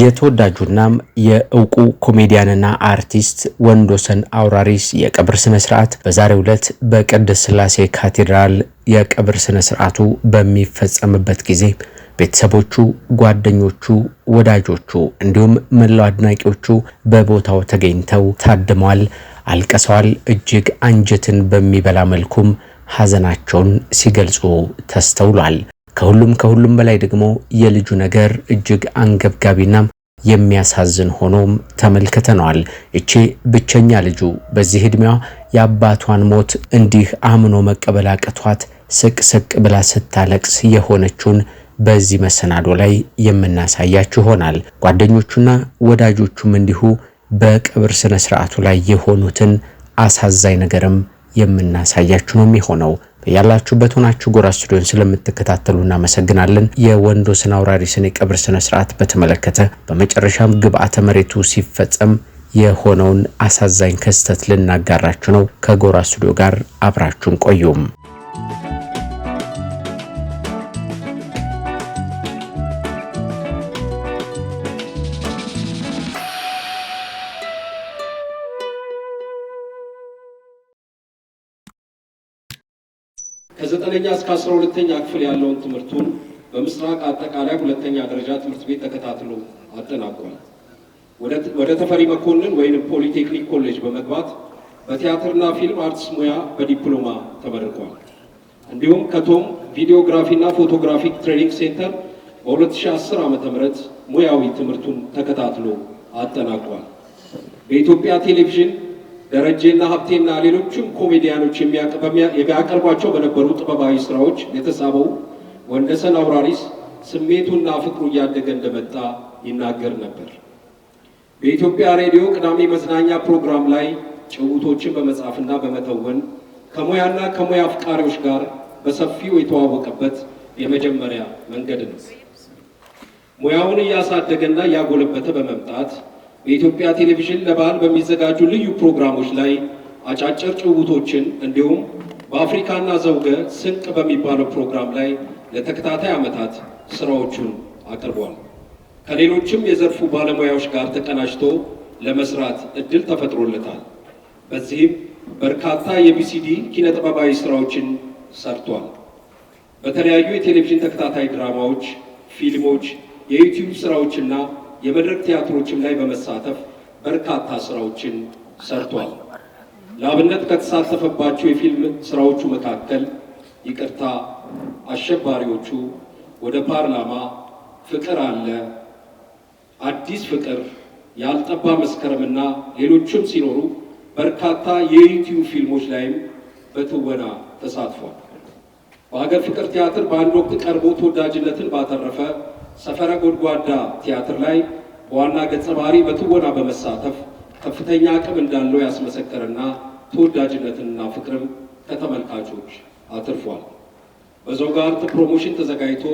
የተወዳጁናም የእውቁ ኮሜዲያንና አርቲስት ወንዶሰን አውራሪስ የቀብር ስነ ስርዓት በዛሬው ዕለት በቅድስት ስላሴ ካቴድራል የቀብር ስነ ስርዓቱ በሚፈጸምበት ጊዜ ቤተሰቦቹ፣ ጓደኞቹ፣ ወዳጆቹ እንዲሁም መላው አድናቂዎቹ በቦታው ተገኝተው ታድመዋል፣ አልቀሰዋል። እጅግ አንጀትን በሚበላ መልኩም ሀዘናቸውን ሲገልጹ ተስተውሏል። ከሁሉም ከሁሉም በላይ ደግሞ የልጁ ነገር እጅግ አንገብጋቢና የሚያሳዝን ሆኖም ተመልክተነዋል። እቺ ብቸኛ ልጁ በዚህ ዕድሜዋ የአባቷን ሞት እንዲህ አምኖ መቀበል አቅቷት ስቅስቅ ብላ ስታለቅስ የሆነችውን በዚህ መሰናዶ ላይ የምናሳያችሁ ይሆናል። ጓደኞቹና ወዳጆቹም እንዲሁ በቀብር ስነ ስርዓቱ ላይ የሆኑትን አሳዛኝ ነገርም የምናሳያችሁ ነው የሚሆነው። ያላችሁበት ሆናችሁ ጎራ ስቱዲዮን ስለምትከታተሉ እናመሰግናለን። የወንዶ ስና አውራሪስን የቀብር ስነ ስርዓት በተመለከተ በመጨረሻም ግብአተ መሬቱ ሲፈጸም የሆነውን አሳዛኝ ክስተት ልናጋራችሁ ነው። ከጎራ ስቱዲዮ ጋር አብራችሁን ቆዩም። እስከ 12ኛ ክፍል ያለውን ትምህርቱን በምስራቅ አጠቃላይ ሁለተኛ ደረጃ ትምህርት ቤት ተከታትሎ አጠናቋል። ወደ ተፈሪ መኮንን ወይም ፖሊቴክኒክ ኮሌጅ በመግባት በቲያትርና ፊልም አርትስ ሙያ በዲፕሎማ ተመርቋል። እንዲሁም ከቶም ቪዲዮግራፊና ፎቶግራፊክ ትሬኒንግ ሴንተር በ2010 ዓ ም ሙያዊ ትምህርቱን ተከታትሎ አጠናቋል። በኢትዮጵያ ቴሌቪዥን ደረጀና ሀብቴና ሌሎችም ኮሜዲያኖች የሚያቀርቧቸው በነበሩ ጥበባዊ ስራዎች የተሳበው ወንደሰን አውራሪስ ስሜቱና ፍቅሩ እያደገ እንደመጣ ይናገር ነበር። በኢትዮጵያ ሬዲዮ ቅዳሜ መዝናኛ ፕሮግራም ላይ ጭውቶችን በመጻፍና በመተወን ከሙያና ከሙያ አፍቃሪዎች ጋር በሰፊው የተዋወቀበት የመጀመሪያ መንገድ ነው። ሙያውን እያሳደገና እያጎለበተ በመምጣት በኢትዮጵያ ቴሌቪዥን ለባህል በሚዘጋጁ ልዩ ፕሮግራሞች ላይ አጫጭር ጭውውቶችን እንዲሁም በአፍሪካና ዘውገ ስንቅ በሚባለው ፕሮግራም ላይ ለተከታታይ ዓመታት ስራዎቹን አቅርቧል። ከሌሎችም የዘርፉ ባለሙያዎች ጋር ተቀናጅቶ ለመስራት እድል ተፈጥሮለታል። በዚህም በርካታ የቢሲዲ ኪነጥበባዊ ስራዎችን ሰርቷል። በተለያዩ የቴሌቪዥን ተከታታይ ድራማዎች፣ ፊልሞች፣ የዩቲዩብ ስራዎችና የመድረክ ቲያትሮችም ላይ በመሳተፍ በርካታ ስራዎችን ሰርቷል። ለአብነት ከተሳተፈባቸው የፊልም ስራዎቹ መካከል ይቅርታ፣ አሸባሪዎቹ፣ ወደ ፓርላማ፣ ፍቅር አለ፣ አዲስ ፍቅር፣ ያልጠባ መስከረምና ሌሎችም ሲኖሩ በርካታ የዩቲዩብ ፊልሞች ላይም በትወና ተሳትፏል። በሀገር ፍቅር ቲያትር በአንድ ወቅት ቀርቦ ተወዳጅነትን ባተረፈ ሰፈረ ጎድጓዳ ቲያትር ላይ በዋና ገጸ ባህሪ በትወና በመሳተፍ ከፍተኛ አቅም እንዳለው ያስመሰከረና ተወዳጅነትንና ፍቅርም ከተመልካቾች አትርፏል። በዞጋ ፕሮሞሽን ተዘጋጅቶ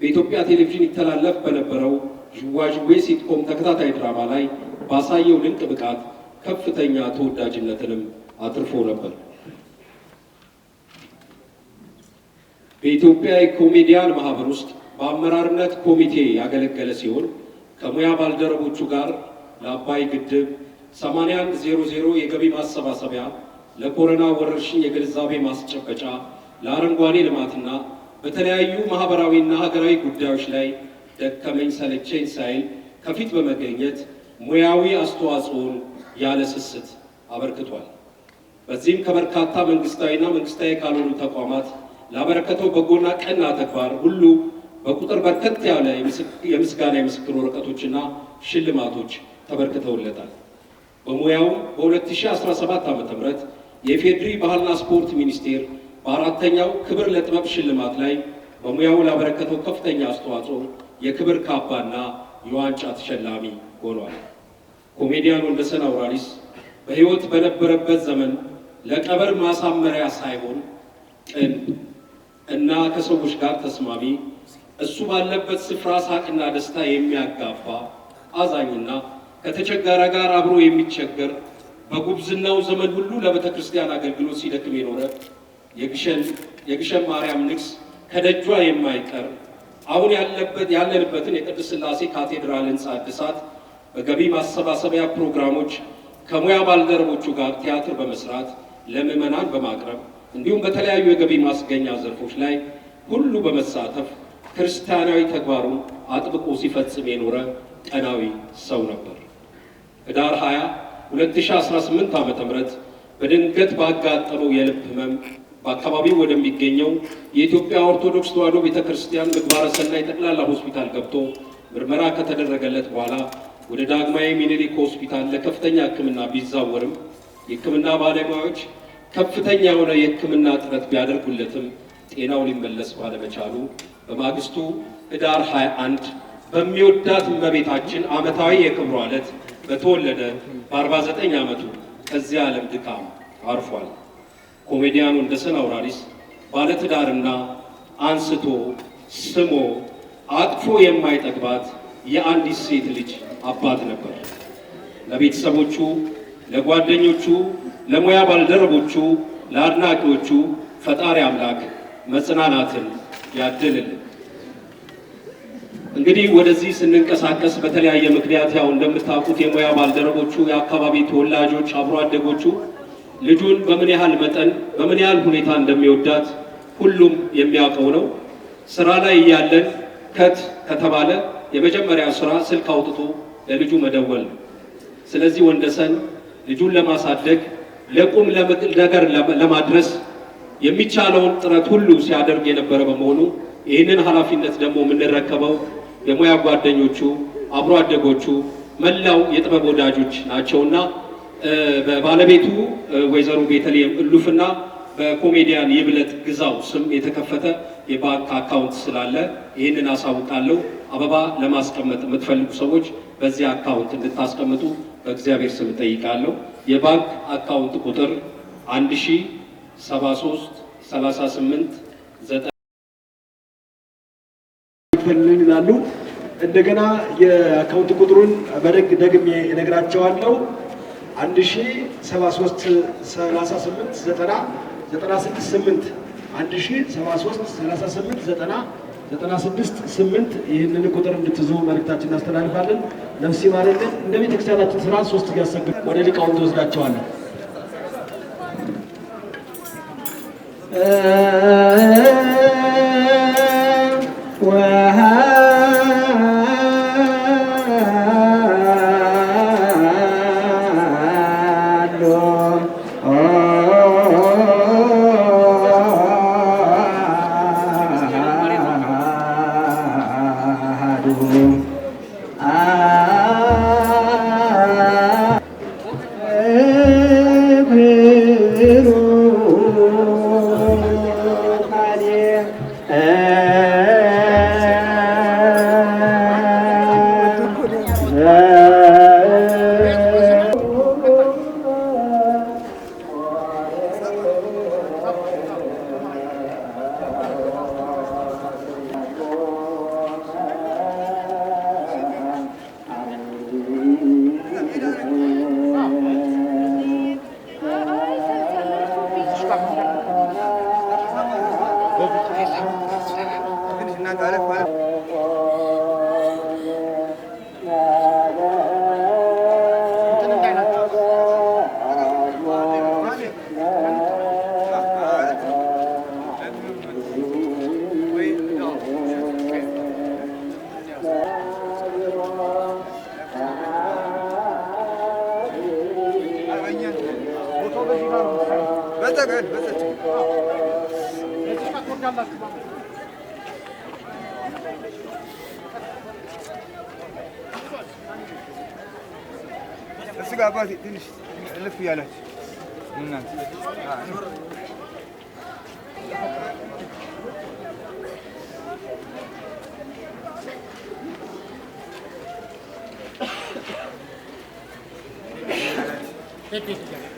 በኢትዮጵያ ቴሌቪዥን ይተላለፍ በነበረው ዥዋዥዌ ሲትኮም ተከታታይ ድራማ ላይ ባሳየው ድንቅ ብቃት ከፍተኛ ተወዳጅነትንም አትርፎ ነበር። በኢትዮጵያ የኮሜዲያን ማህበር ውስጥ በአመራርነት ኮሚቴ ያገለገለ ሲሆን ከሙያ ባልደረቦቹ ጋር ለአባይ ግድብ 8100 የገቢ ማሰባሰቢያ፣ ለኮረና ወረርሽኝ የግንዛቤ ማስጨበጫ፣ ለአረንጓዴ ልማትና በተለያዩ ማህበራዊና ሀገራዊ ጉዳዮች ላይ ደከመኝ ሰለቸኝ ሳይል ከፊት በመገኘት ሙያዊ አስተዋጽኦን ያለ ስስት አበርክቷል። በዚህም ከበርካታ መንግስታዊና መንግስታዊ ካልሆኑ ተቋማት ላበረከተው በጎና ቀና ተግባር ሁሉ በቁጥር በርከት ያለ የምስጋና የምስክር ወረቀቶችና ሽልማቶች ተበርክተውለታል። በሙያው በ2017 ዓ ም የፌድሪ ባህልና ስፖርት ሚኒስቴር በአራተኛው ክብር ለጥበብ ሽልማት ላይ በሙያው ላበረከተው ከፍተኛ አስተዋጽኦ የክብር ካባና የዋንጫ ተሸላሚ ሆኗል። ኮሜዲያን ወንደሰን አውራሪስ በሕይወት በነበረበት ዘመን ለቀበር ማሳመሪያ ሳይሆን ቅን እና ከሰዎች ጋር ተስማሚ እሱ ባለበት ስፍራ ሳቅና ደስታ የሚያጋፋ አዛኝና ከተቸገረ ጋር አብሮ የሚቸገር በጉብዝናው ዘመን ሁሉ ለቤተ ክርስቲያን አገልግሎት ሲደክም የኖረ የግሸን ማርያም ንግስ ከደጇ የማይቀር አሁን ያለበት ያለንበትን የቅድስት ስላሴ ካቴድራል ህንፃ እድሳት በገቢ ማሰባሰቢያ ፕሮግራሞች ከሙያ ባልደረቦቹ ጋር ቲያትር በመስራት ለምዕመናን በማቅረብ እንዲሁም በተለያዩ የገቢ ማስገኛ ዘርፎች ላይ ሁሉ በመሳተፍ ክርስቲያናዊ ተግባሩን አጥብቆ ሲፈጽም የኖረ ቀናዊ ሰው ነበር። ህዳር 20 2018 ዓ ም በድንገት ባጋጠመው የልብ ህመም በአካባቢው ወደሚገኘው የኢትዮጵያ ኦርቶዶክስ ተዋሕዶ ቤተ ክርስቲያን ምግባረ ሰናይ ጠቅላላ ሆስፒታል ገብቶ ምርመራ ከተደረገለት በኋላ ወደ ዳግማዊ ሚኒሊክ ሆስፒታል ለከፍተኛ ሕክምና ቢዛወርም የሕክምና ባለሙያዎች ከፍተኛ የሆነ የሕክምና ጥረት ቢያደርጉለትም ጤናው ሊመለስ ባለመቻሉ በማግስቱ ህዳር 21 በሚወዳት እመቤታችን ዓመታዊ የክብሯ ዕለት በተወለደ በ49 ዓመቱ ከዚህ ዓለም ድካም አርፏል። ኮሜዲያኑ እንደስን አውራሪስ ባለትዳርና አንስቶ ስሞ አቅፎ የማይጠግባት የአንዲት ሴት ልጅ አባት ነበር። ለቤተሰቦቹ፣ ለጓደኞቹ፣ ለሙያ ባልደረቦቹ፣ ለአድናቂዎቹ ፈጣሪ አምላክ መጽናናትን ያድልልን። እንግዲህ ወደዚህ ስንንቀሳቀስ በተለያየ ምክንያት ያው እንደምታውቁት የሙያ ባልደረቦቹ፣ የአካባቢ ተወላጆች፣ አብሮ አደጎቹ ልጁን በምን ያህል መጠን በምን ያህል ሁኔታ እንደሚወዳት ሁሉም የሚያውቀው ነው። ስራ ላይ እያለን ከት ከተባለ የመጀመሪያ ስራ ስልክ አውጥቶ ለልጁ መደወል ነው። ስለዚህ ወንደሰን ልጁን ለማሳደግ ለቁም ነገር ለማድረስ የሚቻለውን ጥረት ሁሉ ሲያደርግ የነበረ በመሆኑ ይህንን ኃላፊነት ደግሞ የምንረከበው የሙያ ጓደኞቹ፣ አብሮ አደጎቹ፣ መላው የጥበብ ወዳጆች ናቸውና በባለቤቱ ወይዘሮ ቤተልሔም እሉፍና በኮሜዲያን የብለት ግዛው ስም የተከፈተ የባንክ አካውንት ስላለ ይህንን አሳውቃለሁ። አበባ ለማስቀመጥ የምትፈልጉ ሰዎች በዚህ አካውንት እንድታስቀምጡ በእግዚአብሔር ስም እጠይቃለሁ። የባንክ አካውንት ቁጥር አንድ ሺህ 73 38 9 ይፈልኝ ይላሉ። እንደገና የአካውንት ቁጥሩን በደግ ደግሜ እነግራቸዋለሁ። 1073 38 90 96 8 1073 38 90 96 8 ይህንን ቁጥር እንድትዙ መልእክታችን እናስተላልፋለን። ነፍስ ይማርልን። እንደ ቤተክርስቲያናችን ስራ ሶስት እያሰግ ወደ ሊቃውንት ወስዳቸዋለን። وهاد بس قاعد تلف لف يا لف من انت Peki.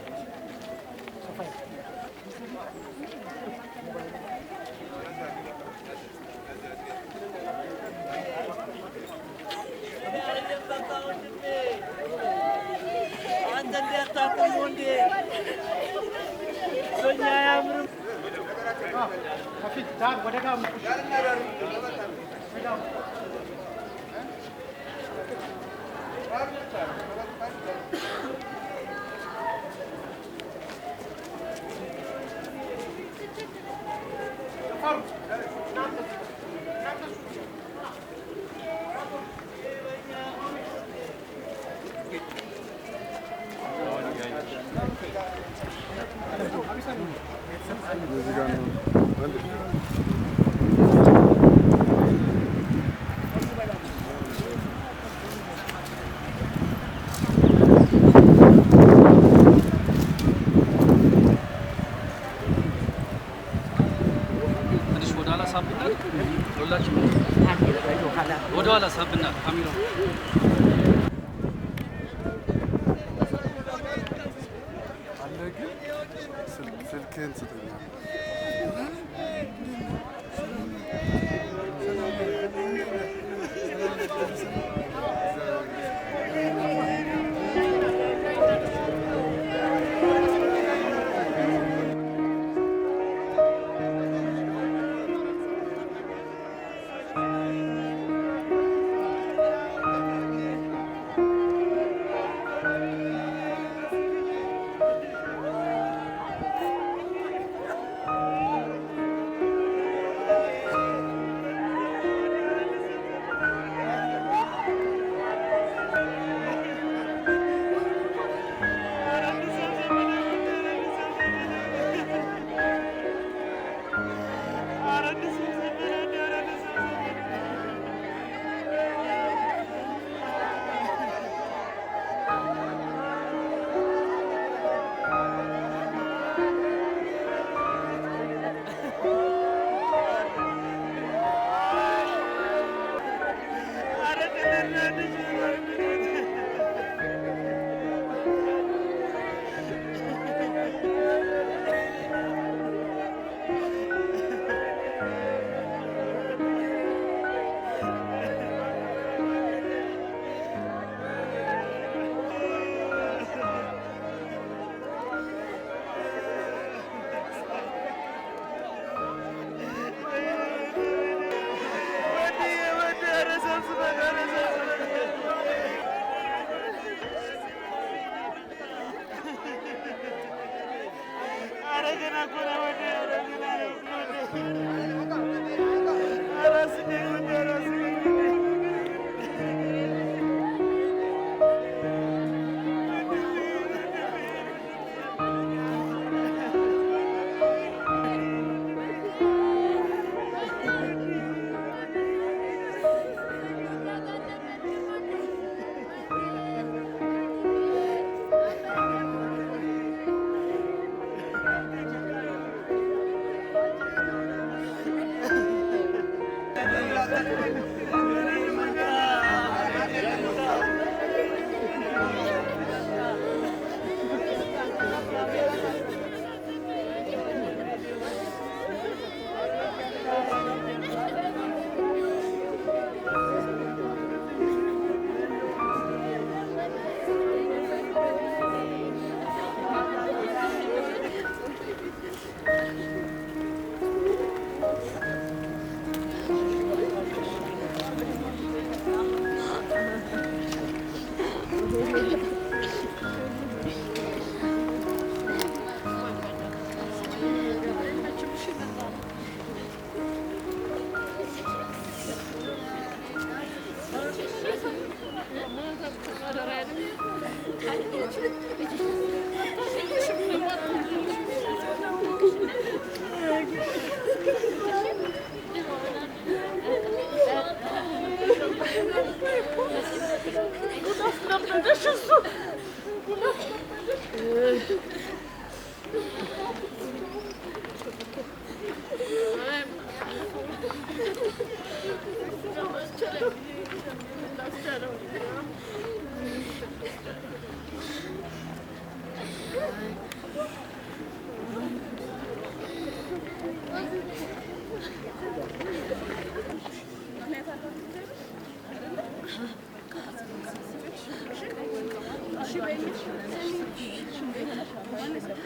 Thank you. Music ಅನ್ನು ಬಂದಿತ್ತು yerlerinizi Gracias.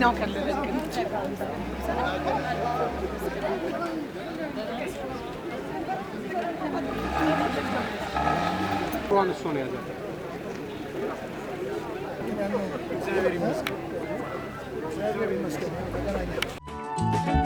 genau Katlerin gibt. Şu an sona yazar. Size vereyim maske. Size vereyim maske. Ben aynı.